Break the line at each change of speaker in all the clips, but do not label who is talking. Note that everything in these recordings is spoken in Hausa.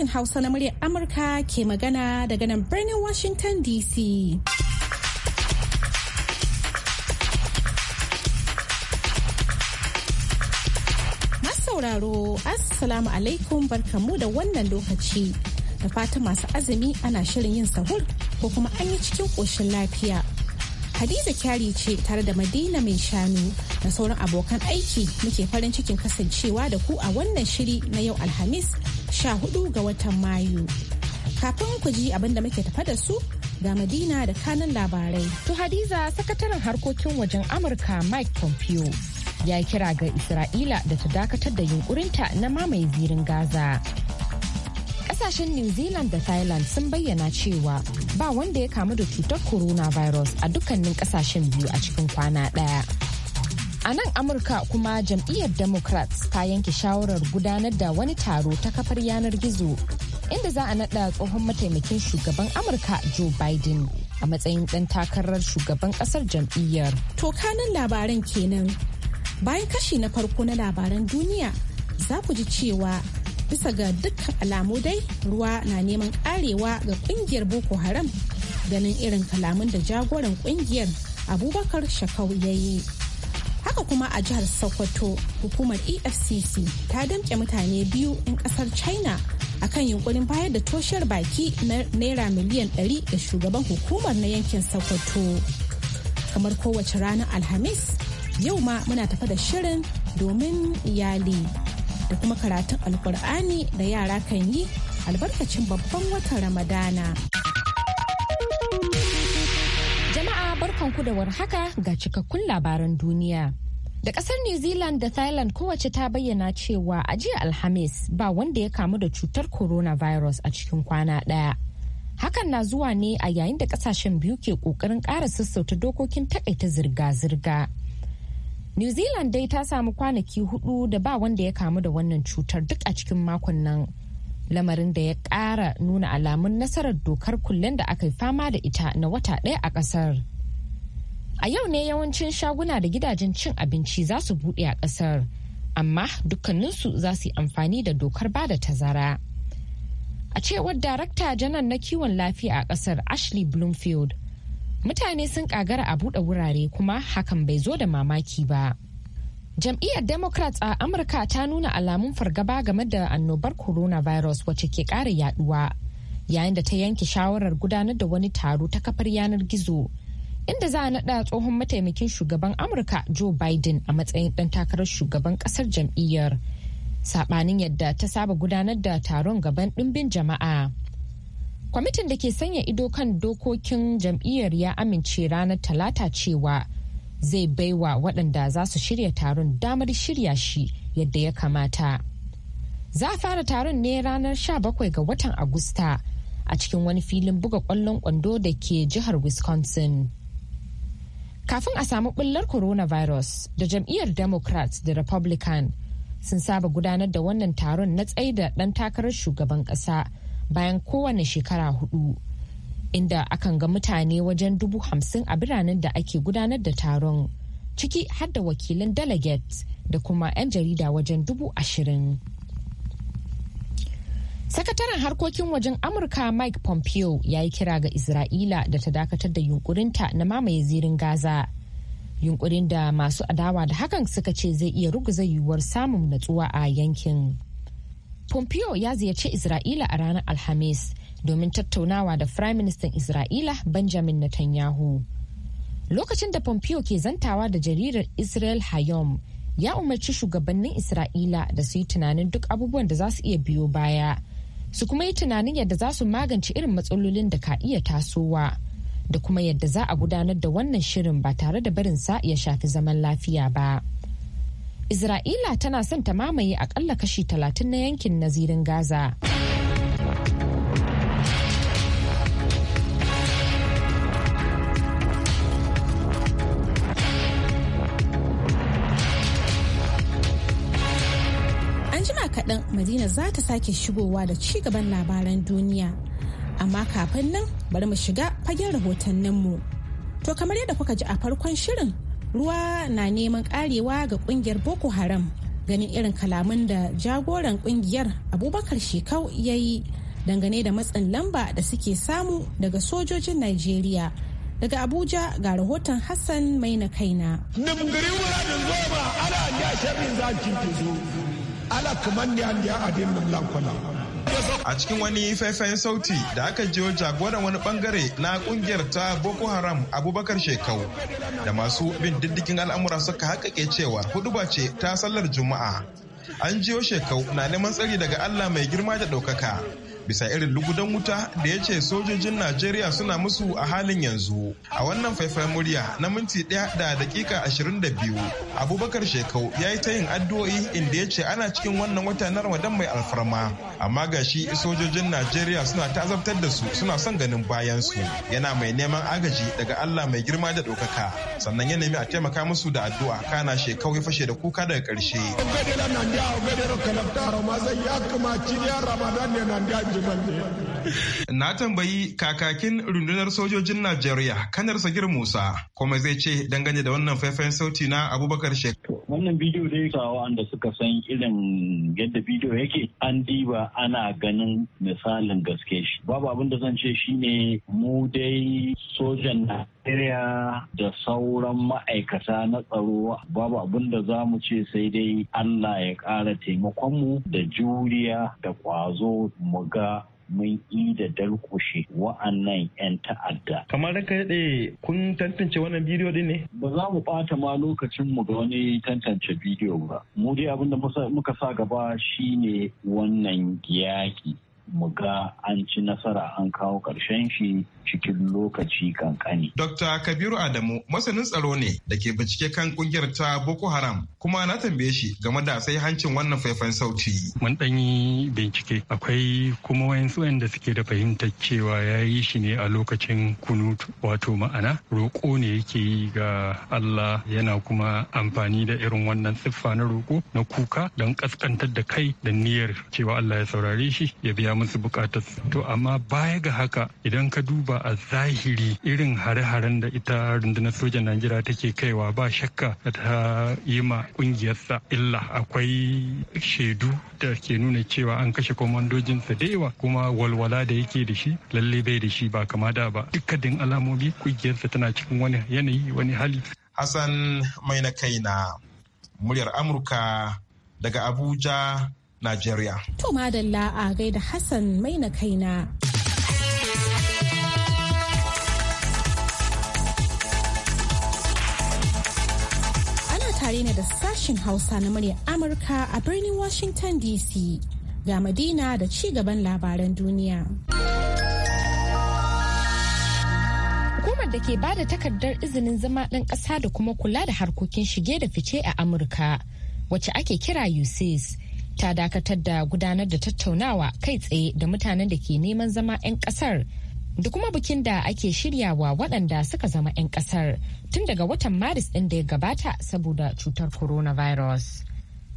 sashin Hausa na muryar Amurka ke magana daga nan birnin Washington DC. Masauraro, Assalamu alaikum barkamu da wannan lokaci. Da fata masu azumi ana shirin yin sahur ko kuma an yi cikin ƙoshin lafiya. Hadiza kyari ce tare da Madina mai shanu da sauran abokan aiki muke farin cikin kasancewa da ku a wannan shiri na yau Alhamis 14 ga watan Mayu. Kafin ku ji abin da muke tafa
da su ga Madina da kanan labarai. To Hadiza sakataren harkokin wajen Amurka Mike Pompeo ya kira ga Isra'ila da ta dakatar da yunkurinta na mamaye zirin Gaza. Kasashen New Zealand da Thailand sun bayyana cewa ba wanda ya kamu da cutar coronavirus a dukkanin kasashen biyu a cikin kwana ɗaya. A nan Amurka kuma jam'iyyar Democrats ta yanke shawarar gudanar da wani taro ta kafar yanar gizo inda za a naɗa tsohon mataimakin shugaban Amurka Joe Biden a matsayin ɗan takarar shugaban kasar jam'iyyar. To kanan
labaran kenan. Bayan kashi na farko na labaran duniya za ku ji cewa bisa ga dukkan alamu dai ruwa na neman ƙarewa ga ƙungiyar Boko Haram ganin irin kalamun da jagoran ƙungiyar Abubakar Shakau ya yi. haka kuma a jihar sokoto hukumar efcc ta damke mutane biyu in kasar china a kan yunkurin bayar da toshiyar baki na naira miliyan 100 da shugaban hukumar na yankin sokoto kamar kowace ranar alhamis yau ma muna tafa da shirin domin iyali da kuma karatun alkur'ani da yara kan yi albarkacin babban watan ramadana.
Jama'a barkanku da warhaka ga cikakkun labaran duniya. Da kasar New Zealand da Thailand kowace ta bayyana cewa a jiya Alhamis ba wanda ya kamu da cutar coronavirus a cikin kwana ɗaya. Hakan na zuwa ne a yayin da kasashen biyu ke ƙoƙarin ƙara sassauta dokokin takaita zirga-zirga. New Zealand dai ta samu kwanaki hudu da ba wanda ya kamu da wannan cutar duk a cikin makon nan lamarin da ya ƙara nuna alamun nasarar dokar kullum da aka yi fama da ita na wata ɗaya a ƙasar. A yau ne yawancin shaguna da gidajen cin abinci za su buɗe a ƙasar, amma dukkaninsu za su yi amfani da dokar ba da tazara. A cewar Darakta janar na kiwon lafiya a ƙasar Ashley Bloomfield, mutane sun kagara a buɗe wurare kuma hakan bai zo da mamaki ba. Jam'iyyar Democrats a Amurka ta nuna alamun fargaba game da annobar coronavirus wacce ke ƙara yaduwa yayin da ta yanke shawarar gudanar da wani taro ta kafar yanar gizo inda za a naɗa tsohon mataimakin shugaban Amurka Joe Biden a matsayin ɗan takarar shugaban ƙasar jam'iyyar. Saɓanin yadda ta saba gudanar da taron gaban ɗimbin jama'a. Kwamitin da ke sanya ido kan dokokin jam'iyyar ya amince ranar talata cewa zai baiwa waɗanda za su shirya taron damar shirya shi yadda ya kamata. Za fara taron ne ranar 17 ga watan Agusta a cikin wani filin buga ƙwallon kwando da ke jihar Wisconsin. Kafin a samu ɓullar coronavirus da jam'iyyar Democrats da Republican sun saba gudanar da wannan taron na tsaida ɗan takarar shugaban ƙasa bayan kowane shekara hudu. inda akan ga mutane wajen dubu hamsin a biranen da ake gudanar da taron ciki har da wakilin delegate da kuma 'yan jarida wajen dubu ashirin. Sakataren harkokin wajen Amurka Mike Pompeo ya yi kira ga Isra'ila da ta dakatar da yunkurinta na mamaye zirin Gaza. Yunkurin da masu adawa da hakan suka ce zai iya ruguza yiwuwar samun natsuwa a yankin. Pompeo ya ziyarci Isra'ila a ranar Alhamis domin tattaunawa da Firayim Ministan Isra'ila Benjamin Netanyahu. Lokacin da Pompeo ke zantawa da jaridar Israel Hayom ya umarci shugabannin Isra'ila da su yi tunanin duk abubuwan da za su iya biyo baya, su kuma yi tunanin yadda za su magance irin matsalolin da ka iya tasowa, da kuma yadda za a gudanar da wannan shirin ba tare da barin sa ya shafi zaman lafiya ba. Isra'ila tana son ta mamaye akalla kashi talatin na yankin nazirin Gaza.
din madina za ta sake shigowa da ci gaban labaran duniya amma kafin nan bari mu shiga fagen rahotanninmu to kamar yadda kuka ji a farkon shirin ruwa na neman karewa ga kungiyar boko haram ganin irin kalamun da jagoran kungiyar abubakar shekau ya yi dangane da matsin lamba da suke samu daga sojojin najeriya daga abuja ga rahoton hassan mai na kaina.
da ana zaki ala kaman ne an ya adin nan lankwala a cikin wani faifayen sauti da aka jiyo jagoran wani bangare na kungiyar ta boko haram abubakar shekau da masu bin diddigin al'amura suka haƙaƙe cewa ba ce ta sallar juma'a an jiyo shekau na neman tsari daga allah mai girma da ɗaukaka bisa irin lugudan wuta da ya ce sojojin Najeriya suna musu a halin yanzu. A wannan faifan murya na minti ɗaya da dakika ashirin da biyu, Abubakar Shekau ya yi ta yin addu'o'i inda ya ce ana cikin wannan wata na Ramadan mai alfarma. Amma gashi sojojin Najeriya suna ta ta'azabtar da su suna son ganin bayan su. Yana mai neman agaji daga Allah mai girma da ɗaukaka. Sannan ya nemi a taimaka musu da addu'a kana Shekau ya fashe da kuka daga ƙarshe. Hadi, hadi. Na tambayi kakakin rundunar sojojin Najeriya kanar Sagir Musa kuma zai ce dangane da wannan faifayen sauti na Abubakar Shek. Wannan bidiyo
dai sawa wanda suka san
irin yadda bidiyo
yake an diba ana ganin misalin gaske shi. Babu abin da zan ce shi ne mu dai sojan Najeriya da sauran ma'aikata na tsaro babu abin da za mu ce sai dai Allah ya ƙara taimakonmu da juriya da ƙwazo mu ga mun yi da dalkushe wa'annan 'yan ta'adda.
Kamar da kaɗe kun tantance wannan bidiyo din ne? Ba za mu ɓata ma
lokacin mu ga wani tantance bidiyo ba. Mu dai abin da muka sa gaba shine wannan yaƙi. Mu ga an ci nasara an kawo ƙarshen shi cikin lokaci kankani.
Dr. Kabiru Adamu masanin tsaro ne da ke bincike kan kungiyar ta Boko Haram kuma na tambaye shi game da sai hancin wannan faifan sauti. Mun dan yi bincike akwai kuma wayansu wanda suke da fahimtar cewa ya yi shi ne a lokacin kunut wato ma'ana roƙo ne yake yi ga Allah yana kuma amfani da irin wannan siffa na roƙo na kuka don ƙasƙantar da kai da niyyar cewa Allah ya saurare shi ya biya musu bukatarsu. To amma baya ga haka idan ka duba duba a zahiri irin hare-haren da ita rundunar sojan najeriya take kaiwa ba shakka ta yi ma kungiyarsa illa akwai shaidu da ke nuna cewa an kashe kwamandojinsa da yawa kuma walwala da yake da shi lalle bai da shi ba kama da ba dukkanin alamomi kungiyarsa tana cikin wani yanayi wani hali hassan mai na kaina muryar amurka daga abuja Najeriya.
To madalla a gaida Hassan mai na kaina. tare ne da sashen Hausa na murya Amurka a birnin Washington DC. Ga Madina da ci gaban labaran duniya.
Hukumar da ke ba da takardar izinin zama ɗan ƙasa da kuma kula da harkokin shige da fice a Amurka, wacce ake kira uses ta dakatar da gudanar da tattaunawa kai tsaye da mutanen da ke neman zama 'yan ƙasar da kuma bikin da ake shiryawa waɗanda suka zama 'yan ƙasar tun daga watan maris ɗin da ya gabata saboda cutar coronavirus.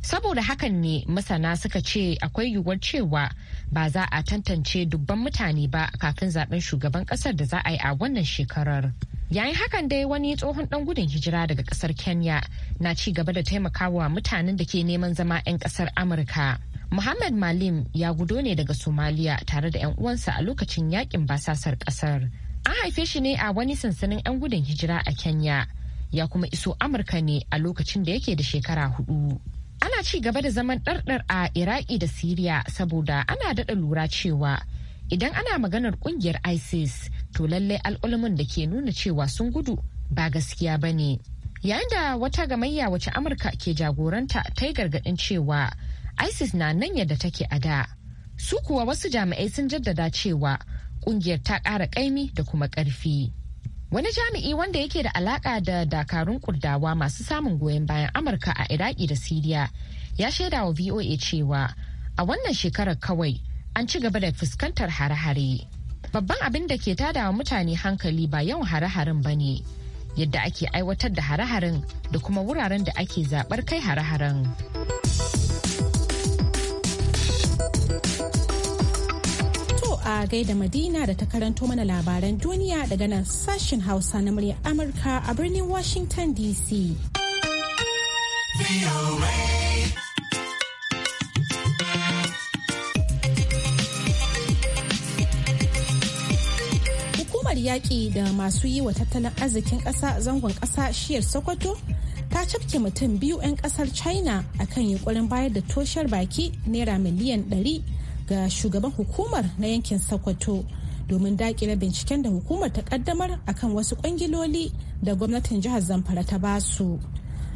Saboda hakan ne masana suka ce akwai yiwuwar cewa ba za a tantance dubban mutane ba kafin zaben shugaban ƙasar da za a yi a wannan shekarar. Yayin hakan dai wani tsohon ɗan gudun hijira daga ƙasar Kenya na ci gaba da taimakawa mutanen da ke neman zama 'yan ƙasar Amurka. Muhammad Malim ya gudo ne daga Somalia tare da 'yan uwansa a lokacin yakin basasar kasar. An haife shi ne a wani sansanin 'yan gudun hijira a Kenya, ya kuma iso Amurka ne a lokacin da yake da shekara hudu. Ana ci gaba da zaman ɗarɗar a Iraki da Siriya saboda ana daɗa lura cewa idan ana maganar ƙungiyar ISIS to lallai al'ulmin da ke nuna cewa sun gudu ba gaskiya ba ne. Yayin da wata gamayya wace Amurka ke jagoranta ta yi gargaɗin cewa isis na nan yadda take a da su kuwa wasu jami'ai sun jaddada cewa kungiyar ta kara kaimi da kuma karfi wani jami'i wanda yake da alaka da dakarun kurdawa masu samun goyon bayan amurka a iraki da siriya ya shaida wa voa cewa a wannan shekarar kawai an ci gaba da fuskantar hare-hare babban abin da ke tada wa mutane hankali ba yawan hare-haren ba ne yadda ake aiwatar da hare-haren da kuma wuraren da ake zabar kai hare-haren.
a gaida Madina da ta karanto mana labaran duniya daga nan sashen Hausa na muryar Amurka a birnin Washington DC. Hukumar yaƙi da masu yi wa tattalin arzikin ƙasa zangon ƙasa shiyar Sokoto ta cafke mutum biyu 'yan ƙasar China akan yunkurin bayar da toshar baki naira miliyan 100 ga shugaban hukumar na yankin Sokoto domin dakile binciken da hukumar ta kaddamar akan wasu kwangiloli da gwamnatin jihar Zamfara ta basu.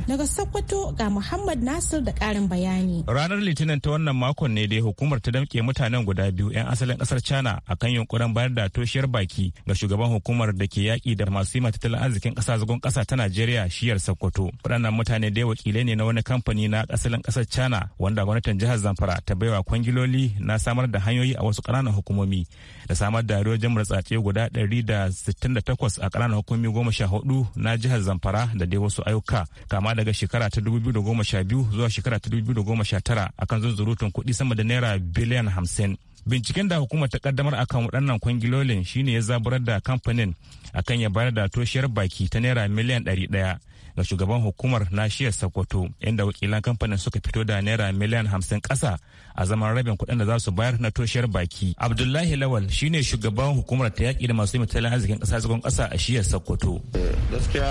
Daga Sokoto ga Muhammad Nasir da karin bayani.
Ranar Litinin ta wannan makon ne dai hukumar ta damke mutanen guda biyu 'yan asalin kasar China akan yunkurin bayar da toshiyar baki ga shugaban hukumar da ke yaƙi da masu yi tattalin arzikin ƙasa zagon ƙasa ta Najeriya shiyar Sokoto. Waɗannan mutane dai wakilai ne na wani kamfani na asalin ƙasar China wanda gwamnatin jihar Zamfara ta baiwa kwangiloli na samar da hanyoyi a wasu ƙananan hukumomi da samar da rojin murtsatse guda 168 a ƙananan hukumomi hudu na jihar Zamfara da dai wasu ayyuka kama amma daga shekara ta 2012 zuwa shekara ta 2019 akan zunzurutun kuɗi sama da naira biliyan hamsin binciken da hukumar ta kaddamar akan waɗannan kwangilolin shine ya zaburar da kamfanin akan ya bayar da toshiyar baki ta naira miliyan ɗari ɗaya. ga shugaban hukumar nashiyar Sokoto inda wakilan kamfanin suka fito da naira miliyan hamsin kasa a zaman rabin kuɗin da za su bayar na toshiyar baki. Abdullahi Lawal shine shugaban hukumar ta yaki da masu mutalin arzikin ƙasa zagon ƙasa a
shiyar Sokoto. Eh, gaskiya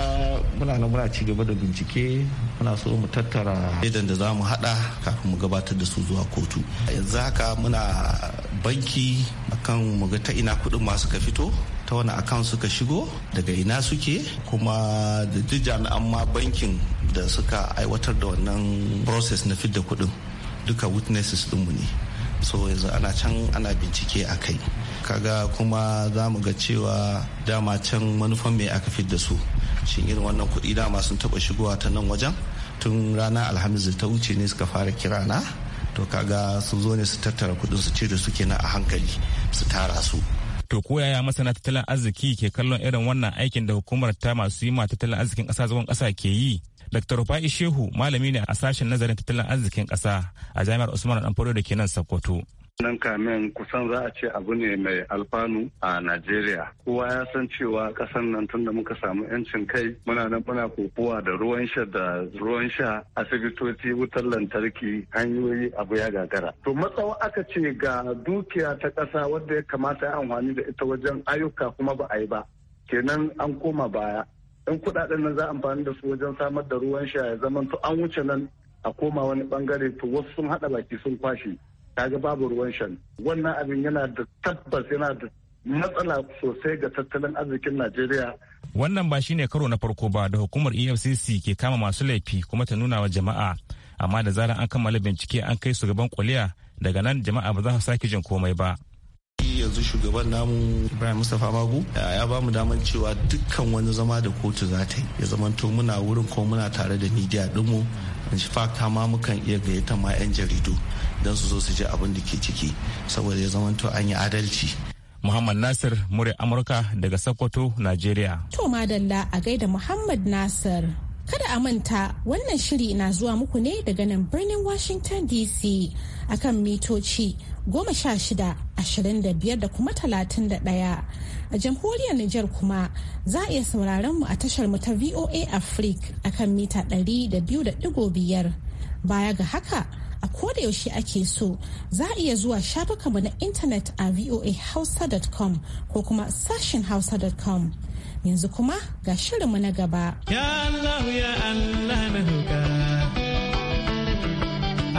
muna nan muna ci gaba da bincike muna so mu tattara idan da za mu haɗa kafin mu gabatar da su zuwa kotu. Yanzu haka muna banki akan mu ga ta ina kuɗin masu ka fito ta wani akan suka shigo daga ina suke kuma da dijan amma bankin da suka aiwatar da wannan process na fidda kuɗin duka witnesses ɗinmu ne so yanzu ana can ana bincike a kai kaga kuma za mu ga cewa dama can manufan mai aka fidda su shin irin wannan kuɗi dama sun taɓa shigowa ta nan wajen tun rana alhamis da ta wuce ne suka fara kira na to kaga su zo ne su tattara kuɗin su ce da suke na a hankali su tara su
To ko yaya masana tattalin arziki ke kallon irin wannan aikin da hukumar ta masu yi ma tattalin arzikin ƙasa zagon ƙasa ke yi? Dr. Rufai Shehu malami ne a sashen nazarin tattalin arzikin ƙasa a jami'ar Usman Danfodiyo da ke nan
Sokoto. Nan kamen kusan za a ce abu ne mai alfanu a Najeriya. Kowa ya san cewa kasan nan tun da muka samu 'yancin kai muna nan muna kokowa da ruwan sha da ruwan sha asibitoci wutar lantarki hanyoyi abu ya gagara. To matsawa aka ce ga dukiya ta ƙasa wadda ya kamata ya amfani da ita wajen ayyuka kuma ba a yi ba. Kenan an koma baya. In kuɗaɗen nan za a amfani da su wajen samar da ruwan sha ya zama to an wuce nan a koma wani bangare to wasu sun haɗa baki sun kwashe. kaga babu ruwan shan wannan abin yana da tabbas yana da matsala sosai ga tattalin arzikin najeriya
wannan ba shine karo na farko ba da hukumar efcc ke kama masu laifi kuma ta nuna wa jama'a amma da zarar an kammala bincike an kai su gaban kuliya daga nan
jama'a ba za su sake jin komai ba yanzu shugaban namu ibrahim mustapha magu ya ba mu daman cewa dukkan wani zama da kotu za ta yi ya zamanto muna wurin ko muna tare da midiya dinmu in shi fakta ma mukan iya gayyata ma 'yan jaridu don su zo su ji abin da ke ciki saboda ya zamanto an yi adalci
Muhammad Nasir
murya Amurka
daga Sokoto, Najeriya.
To madalla a gaida Muhammad Nasir. Kada a manta wannan shiri na zuwa muku ne daga nan birnin Washington DC akan mitoci goma sha shida ashirin da biyar da kuma talatin da ɗaya. A jamhuriyar Nijar kuma za a iya sauraron mu a tashar mu ta VOA Africa akan mita ɗari da biyu da ɗigo biyar. Baya ga haka a koda yaushe ake so za a iya zuwa shafukanmu na intanet a voahausa.com ko kuma sashen hausa.com. Yanzu kuma ga shirinmu na gaba.
Ya Allah ya Allah na roƙa.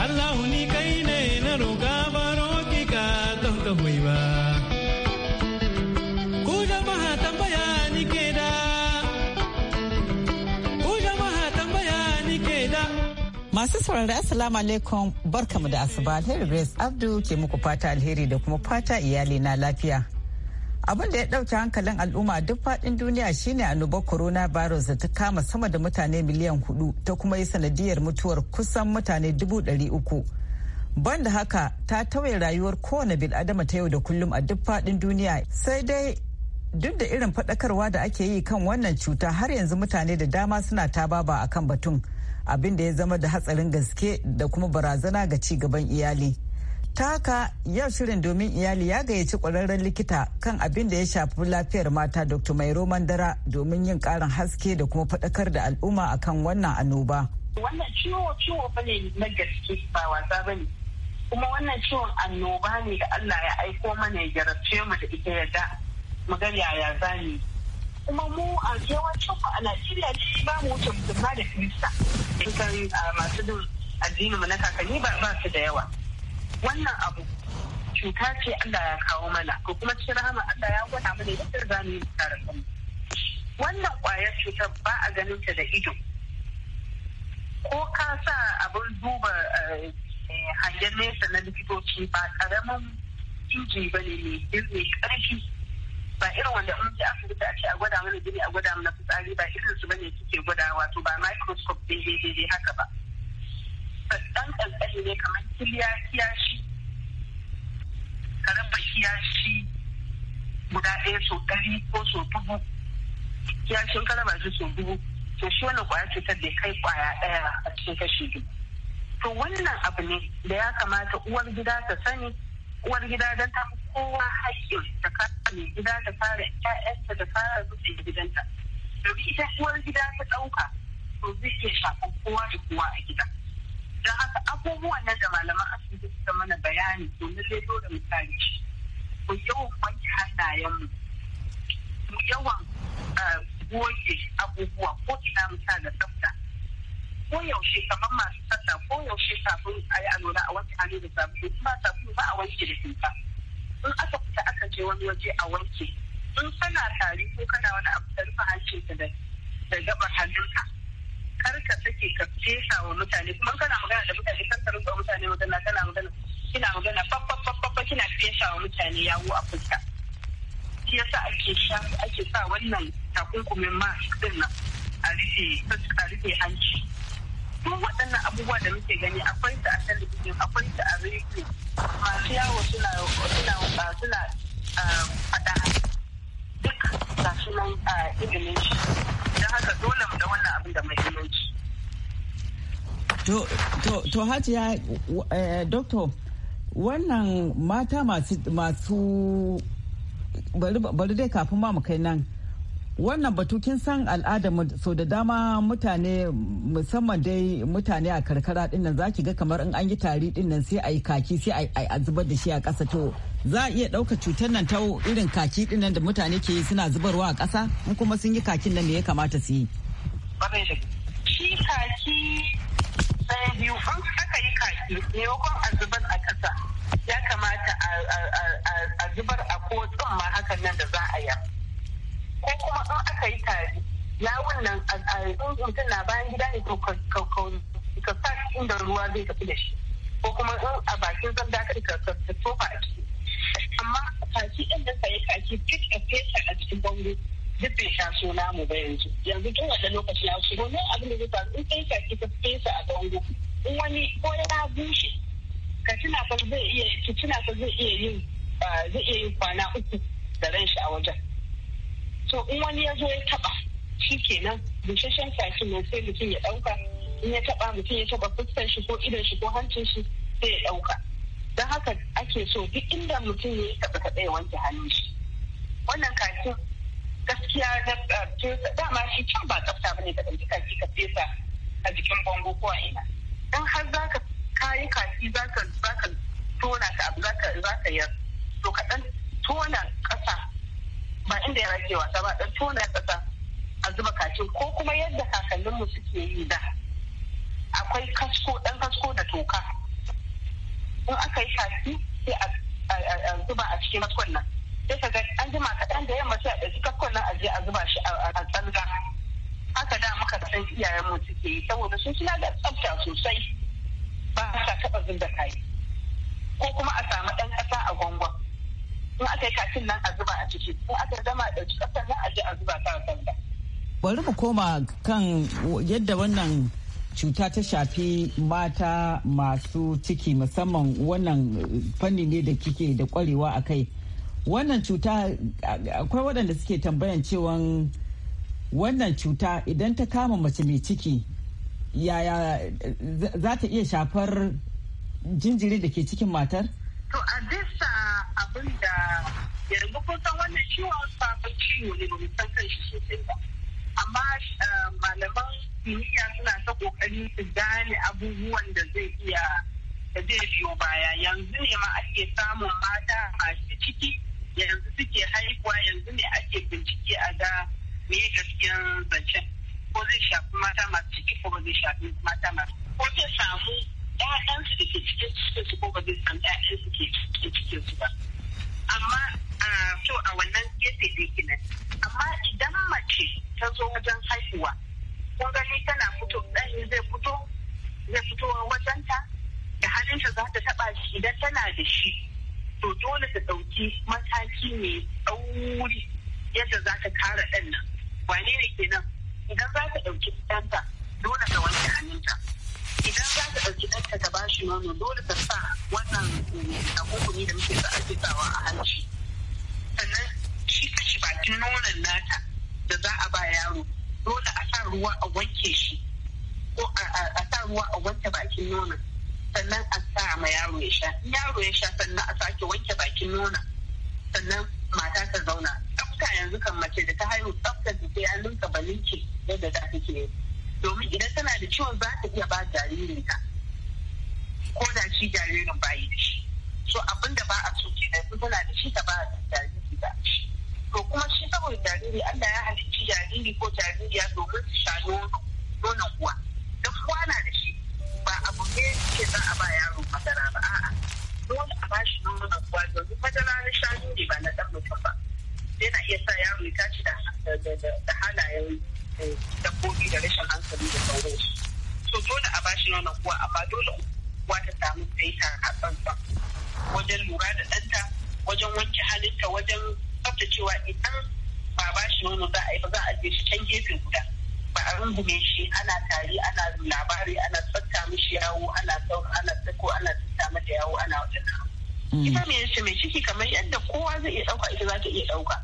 Allah ni kai ne na roƙa ba roƙi ka don ka hoyi ba. Ku jama'a tambaya ni ke da. Ku jama'a tambaya ni ke da.
Masu saurari Assalamu alaikum barkamu da asuba Alheri Grace Abdu ke muku fata alheri da kuma fata iyali na lafiya. abin da ya ɗauke hankalin al'umma duk faɗin duniya shine annobar virus da ta kama sama da mutane miliyan hudu ta kuma yi sanadiyar mutuwar kusan mutane dubu ɗari uku banda haka ta tauye rayuwar kowane bil'adama ta yau da kullum a duk faɗin duniya sai dai duk da irin faɗakarwa da ake yi kan wannan cuta har yanzu mutane da dama suna tababa akan batun abin da ya zama da hatsarin gaske da kuma barazana ga ci gaban iyali. taka yau shirin domin iyali ya gayyaci kwararren likita kan abin da ya shafi lafiyar mata dr mai roman domin yin karin haske da kuma faɗakar da al'umma akan wannan annoba
wannan ciwo ciwo bane na gaske ba wasa bane kuma wannan ciwon annoba ne da allah ya aiko mana ya jarabce mu da ita yadda mu ga yaya zani kuma mu a yawancin ku a najeriya ne ba mu wuce musulma da kirista masu addinin mu na kakanni ba su da yawa wannan abu cuta ce Allah ya kawo mana ko kuma cikin rahama Allah ya gwada mana yadda za mu yi tsare wannan kwayar cutar ba a ganin ta da ido ko ka sa abin duba eh, eh, hangen nesa na likitoci ba karamin inji ba ne mai karfi ba irin wanda in ji asibiti a ce a gwada mana gini a gwada mana fitsari ba irin su bane suke gwada wato ba microscope daidai daidai haka ba ɗan ƙanƙani ne kamar kiliya kiyashi karamba kiyashi guda ɗaya so ɗari ko so dubu kiyashin karamba su so dubu to shi wannan ƙwaya cutar da kai ƙwaya ɗaya a cikin kashi biyu to wannan abu ne da ya kamata uwar gida ta sani uwar gida don ta kowa haƙƙin ta kare mai gida ta fara ƴaƴanta da fara rufe gidanta domin ita uwar gida ta ɗauka to zai iya shafan kowa da kowa a gida. don haka abubuwan nan da malaman asibiti suka mana bayani domin zai zo da misali ku yawan wanke hannayenmu mu yawan eh, goge abubuwa ko ina mu sa da tsafta ko yaushe kamar masu tsafta ko yaushe kafin a yi alola a wanke hannu da sabulu kuma sabulu ba a wanke da kinka in aka fita aka je wani waje a wanke in kana tari ko kana wani abu da rufe hancinka da gabar hannunka kar ka sake ka fesa wa mutane kuma kana magana da mutane kar ka rufe mutane magana kana magana kina magana fafafafafa kina fesa wa mutane yawo a fuska shi yasa ake sha ake sa wannan takunkumin mask din nan a rufe a rufe hanci duk waɗannan abubuwa da muke gani akwai su a talabijin akwai su a rediyo masu yawo suna suna suna ah, faɗa duk ga a ah, ilimin shi don haka dole mu da wannan abin da mahimmanci.
To Hajiya eh, Doktor wannan mata masu masu bari dai kafin ma mu kai nan wannan batu kin san al'ada sau da dama mutane musamman dai mutane a karkara dinnan za zaki ga kamar in an yi tari dinnan sai a yi kaki sai a zubar da shi a ƙasa to za a iya ɗauka cutar nan ta irin kaki ɗin nan da mutane ke yi suna zubarwa a ƙasa in kuma sun yi kakin nan da ya kamata su yi.
Shi kaki ɗaya biyu an aka yi kaki maimakon a zubar a ƙasa ya kamata a zubar a ko ma hakan nan da za a yi. Ko kuma in aka yi tari yawun nan in mutum na bayan gida ne to ka sa inda ruwa zai tafi da shi. Ko kuma in a bakin zan da ka tofa a ciki. amma kaki ɗin da sai kaki duk a fesa a cikin bango duk bai taso mu ba yanzu yanzu tun wanda lokaci ya shigo ne abin da zai faru in sai kaki ta fesa a bango in wani ko ya bushe ka tuna fa zai iya ki tuna fa zai iya yin zai iya yin kwana uku da ran shi a wajen to in wani ya zo ya taba shi kenan busasshen kaki ne sai mutum ya ɗauka in ya taba mutum ya taba fuskar shi ko idon shi ko hancin shi sai ya ɗauka don haka ake so duk inda mutum ya yi taɓa taɓa ya wanke hannun shi wannan kakin gaskiya na da eh, dama shi can ba tsafta bane da ɗauki kaki ka fesa a jikin bango ko a ina in har za ka kayi kaki za ka tona ka abu za ka yar to ka ɗan tona ƙasa ba inda ya rage wasa ba ɗan tona ƙasa a zuba kakin ko kuma yadda kakanninmu suke yi da akwai kasko ɗan kasko da toka in aka yi shafi sai a zuba a cikin kaskon nan sai ka ga an jima kaɗan da yamma sai a ɗauki kaskon nan a je a zuba shi a tsalga haka da muka san iyayen mu suke yi saboda sun suna da tsafta sosai ba sa taɓa zubda kayi ko kuma a samu ɗan ƙasa a gwangwan in aka yi kafin nan a zuba a ciki in aka zama a ɗauki ƙasar nan a je a zuba ta a
tsalga. bari mu koma kan yadda wannan cuta ta shafi mata masu ciki musamman wannan fanni ne da kike da kwarewa a kai wannan cuta akwai waɗanda suke tambayan cewan wannan cuta idan ta kama mace mai ciki yaya za ta iya shafar jinjiri da ke cikin matar?
to a bisa abin da yanzu kusan wannan ciwon sabon ciwo ne ba mu kan shi sosai ba amma eh, malaman kimiyya suna ta kokarin su gane abubuwan da zai iya da zai biyo baya yanzu ne ma ake samun mata masu ciki yanzu suke haihuwa yanzu ne ake bincike a ga me gaskiyan zancen ko zai shafi mata masu ciki ko ba zai shafi mata masu ko zai samu su da ke cikin cikin su ko ba zai samu su ke cikin cikin su ba amma to a wannan gefe dai nan. amma idan mace ta zo wajen haihuwa kun gani tana fito ɗan zai fito zai fito wajenta da hannunta za ta taɓa shi idan tana da shi to dole ta ɗauki mataki mai tsauri yadda za ta kare ɗan nan wane ne kenan idan za ta ɗauki ɗanta dole ta wanke hannunta idan za ta ɗauki ɗanta ta ba shi nono dole ta sa wannan eh, abubuwan da muke sa ake sawa a hanci sannan shi kashi bakin nonon nata da za a ba yaro dole a sa ruwa a wanke shi ko a sa ruwa a wanke bakin nonon sannan a sa ma yaro ya sha yaro ya sha sannan a sake wanke bakin nonon sannan mata ta zauna tsafta yanzu kan mace da ta haihu tsafta da sai an ba balinki yadda za ta ke domin idan tana da ciwon za ta iya ba ta, ko da shi jaririn bayi da shi so abin da ba a so kenan tana da shi ta ba jaririn da shi to kuma shi saboda jariri Allah ya halicci jariri ko jaririya domin su sha nono nonon kuwa. da na da shi ba abu ne ke za a ba yaro madara ba a'a dole a ba shi nonon kuwa domin madara na shanu ne ba na dan mutum ba yana iya sa yaro ya tashi da da halayen eh, dabbobi da rashin hankali da sauransu so dole a ba bashi nonon kuwa amma dole kuwa ta samu sai ta a tsantsan wajen lura da ɗanta wajen wanke halitta wajen cewa idan ba ba shi nono za a yi ba za a je shi can gefe guda ba a rungume shi ana tari ana labari ana tsakka mishi yawo ana sauka ana tsako ana tsakka mata yawo ana wata mm. ita mai yace mai ciki kamar yadda kowa zai iya ɗauka ita za ta iya ɗauka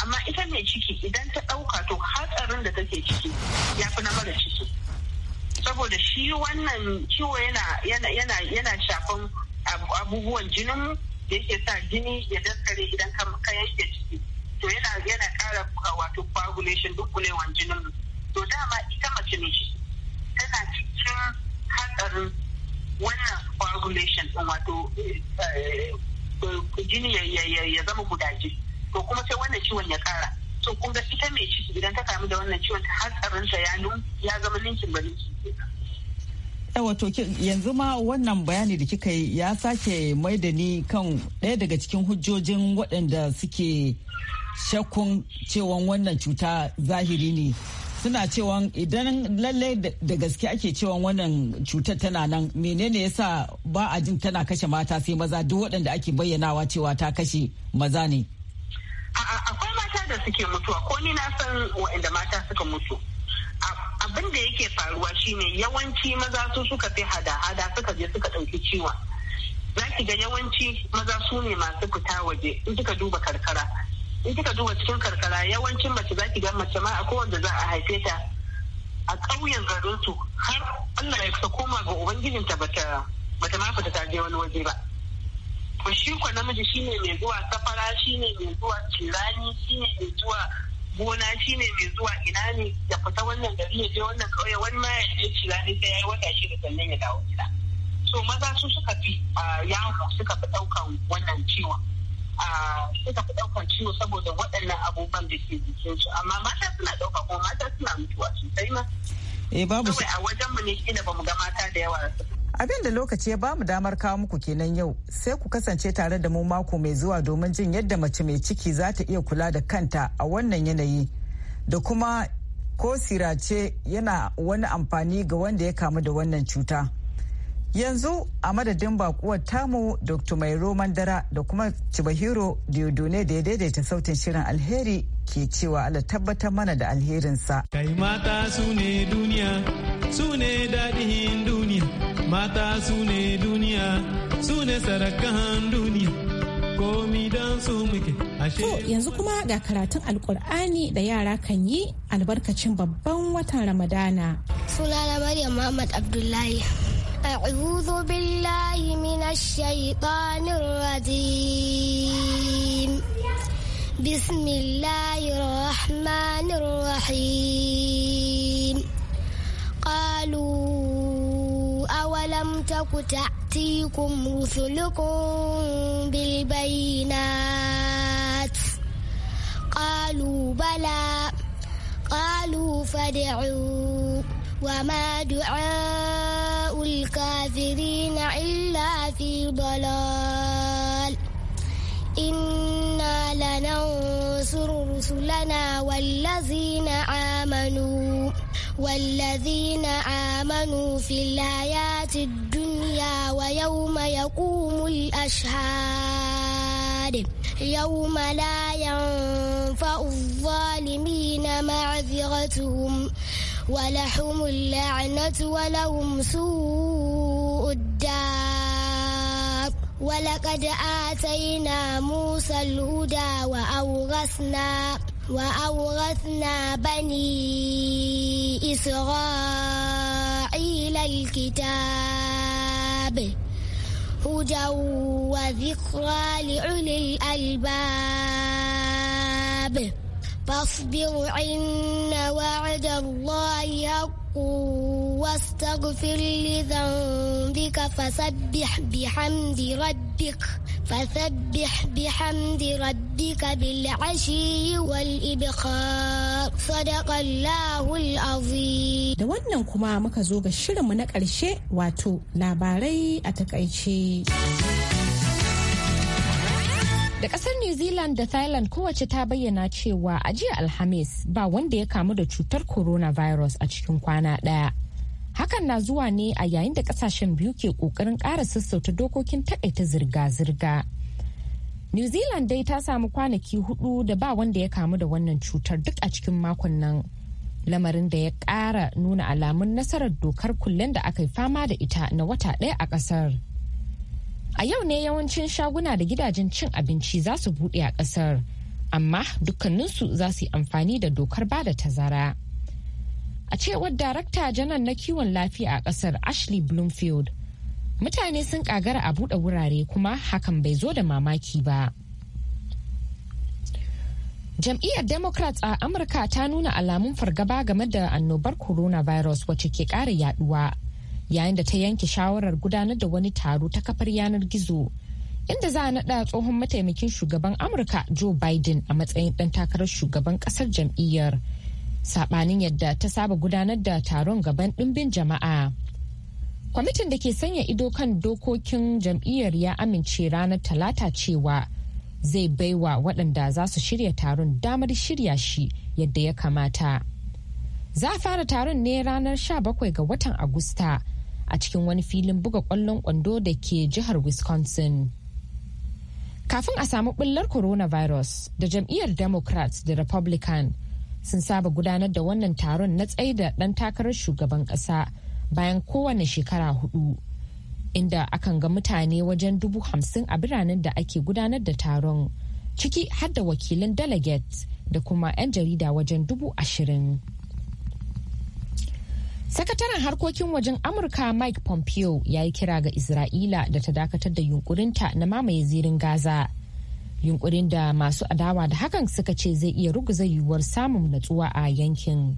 amma ita mai ciki idan ta ɗauka to hatsarin da take ciki ya fi na mara ciki saboda shi wannan ciwo yana yana shafan abubuwan jinin da yake sa jini ya daskare idan ka yanke ciki to yana yana kara wato coagulation dunkulewan jinin to dama ita mace ne tana cikin hatsarin wannan coagulation din wato eh, eh, jini ya zama gudaje to kuma sai wannan ciwon ya kara to kun ga ita mai ciki idan ta kamu da wannan ciwon hatsarin ta ya ya zama ninkin ba ninkin
to yanzu ma wannan bayani da kika yi ya sake mai da ni kan ɗaya daga cikin hujjojin waɗanda suke shakkun cewa wannan cuta zahiri ne suna cewa idan lallai da gaske ake cewa wannan cutar tana nan menene yasa ba a jin tana kashe mata sai maza duk waɗanda ake bayyanawa cewa ta kashe maza ne
akwai mata da suke mutuwa ko ni na san waɗanda mata suka mutu abin da yake faruwa shine yawanci maza su suka fi hada-hada suka je suka ɗauki ciwon za ki ga yawanci maza su ne masu fita waje in suka duba karkara in kika duba cikin karkara yawancin mace za ki ga mace ma a kowanne za a haife ta a ƙauyen garin har Allah ya kusa koma ga Ubangijin bata bata ma fita ta je wani waje ba to shi ko namiji shine mai zuwa safara shine mai zuwa cirani shine mai zuwa gona shine mai zuwa ina ne ya fita wannan gari ya je wannan ƙauye wani ma ya je cirani sai ya yi wata da sannan ya dawo gida To maza su suka fi yawo suka fi ɗaukan wannan ciwon suka fi ɗaukar ciwo saboda waɗannan abubuwan da ke su amma mata suna ɗauka ko mata suna mutuwa sosai ma. Eh babu shi. a mu ne kila bamu ga mata da yawa.
Abin da lokaci ya bamu damar kawo muku kenan yau sai ku kasance tare da mu mako mai zuwa domin jin yadda mace mai ciki za ta iya kula da kanta a wannan yanayi da kuma ko sirace yana wani amfani ga wanda ya kamu da wannan cuta. yanzu a madadin bakuwar tamu dr mai roman dara da kuma cibahiro diodone da ya daidaita sautin shirin alheri ke cewa ala tabbatar mana da alherinsa kai
mata su ne duniya su ne daɗin duniya mata su ne duniya su ne sarakan duniya komi don su muke To
yanzu kuma ga karatun alkur'ani da yara kan yi albarkacin babban watan ramadana
sunana maryam muhammad abdullahi أعوذ بالله من الشيطان الرجيم بسم الله الرحمن الرحيم قالوا أولم تك تأتيكم رسلكم بالبينات قالوا بلى قالوا فادعوا وما دعاء الكافرين إلا في ضلال إنا لننصر رسلنا والذين آمنوا والذين آمنوا في الحياة الدنيا ويوم يقوم الأشهاد يوم لا ينفع الظالمين معذرتهم ولهم اللعنة ولهم سوء الدار ولقد آتينا موسى الهدى وأورثنا وأورثنا بني إسرائيل الكتاب هدى وذكرى لأولي الألباب فاصبر إن وعد الله حق واستغفر لذنبك فسبح بحمد ربك فسبح بحمد ربك بالعشي والإبخار صدق الله العظيم da wannan kuma muka zo ga shirinmu
na ƙarshe wato labarai a takaice. Da kasar New Zealand da Thailand kowace ta bayyana cewa a jiya Alhamis ba wanda ya kamu da cutar coronavirus a cikin kwana ɗaya. Hakan na zuwa ne a yayin da kasashen biyu ke kokarin ƙara sassauta dokokin takaita zirga-zirga. New Zealand dai ta samu kwanaki hudu da ba wanda ya kamu da wannan cutar duk a cikin makon nan. Lamarin da ya ƙara nuna alamun nasarar dokar kullen da aka yi fama da ita na wata ɗaya a ƙasar. A yau ne yawancin shaguna da gidajen cin abinci za su buɗe a ƙasar, amma dukkaninsu za su yi amfani da dokar bada tazara. A cewar Darakta janar na kiwon lafiya a ƙasar Ashley Bloomfield, mutane sun ƙagara a buɗe wurare kuma hakan bai zo da mamaki ba. Jam'iyyar Democrats a Amurka ta nuna alamun fargaba game da annobar coronavirus wacce ke ƙara yaduwa yayin da ta yanke shawarar gudanar da wani taro ta kafar yanar gizo inda za a naɗa tsohon mataimakin shugaban amurka joe biden a matsayin ɗan takarar shugaban ƙasar jam'iyyar saɓanin yadda ta saba gudanar da taron gaban dimbin jama'a kwamitin da ke sanya ido kan dokokin jam'iyyar ya amince ranar talata cewa zai baiwa waɗanda za su shirya taron damar shirya shi yadda ya kamata za a fara taron ne ranar 17 ga watan agusta a cikin wani filin buga kwallon kwando da ke jihar wisconsin kafin a samu bullar coronavirus da jam'iyyar democrats da republican sun saba gudanar da wannan taron na tsaye da ɗan takarar shugaban ƙasa bayan kowane shekara hudu inda akan ga mutane wajen dubu hamsin a biranen da ake gudanar da taron ciki har da wakilin delegates da kuma 'yan jarida wajen dubu ashirin. Sakataren harkokin wajen Amurka Mike Pompeo ya yi kira ga Isra'ila da ta dakatar da yunkurinta na mamaye zirin Gaza. Yunkurin da masu adawa da hakan suka ce zai iya ruguza yiwuwar samun natsuwa a yankin.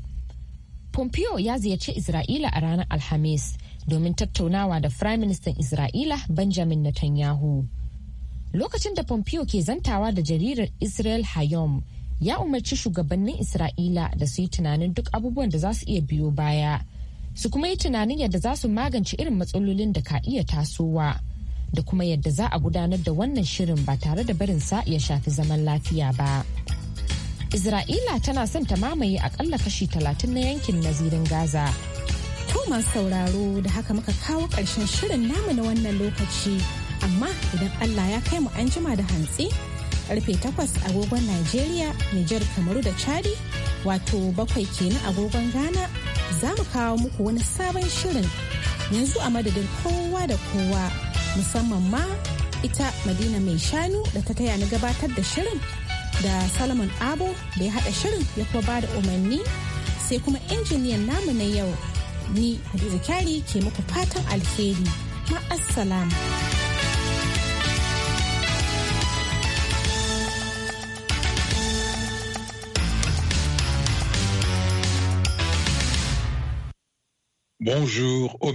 Pompeo ya ziyarci Isra'ila a ranar Alhamis domin tattaunawa da Firayim Ministan Isra'ila Benjamin Netanyahu. Lokacin da Pompeo ke zantawa da jaridar Israel Hayom ya umarci shugabannin Isra'ila da su yi tunanin duk abubuwan da za su iya biyo baya. su kuma yi tunanin yadda za su magance irin matsalolin da ka iya tasowa da kuma yadda za a gudanar da wannan shirin ba tare da barin sa ya shafi zaman lafiya ba. Isra'ila tana son ta mamaye akalla kashi talatin na yankin nazirin Gaza. To masu sauraro
da haka muka kawo ƙarshen shirin namu na wannan lokaci, amma idan Allah ya kai mu an jima da hantsi, karfe takwas agogon Najeriya, Nijar, Kamaru da Chadi, wato bakwai kenan agogon Ghana za mu kawo muku wani sabon shirin yanzu a madadin kowa da kowa musamman ma ita madina mai shanu da ta taya ni gabatar da shirin da salomon abo da ya haɗa shirin ya kuma ba da umarni sai kuma injiniyan namu na yau ni hadiza kyari ke muku fatan alheri ma'assalam.
Bonjour.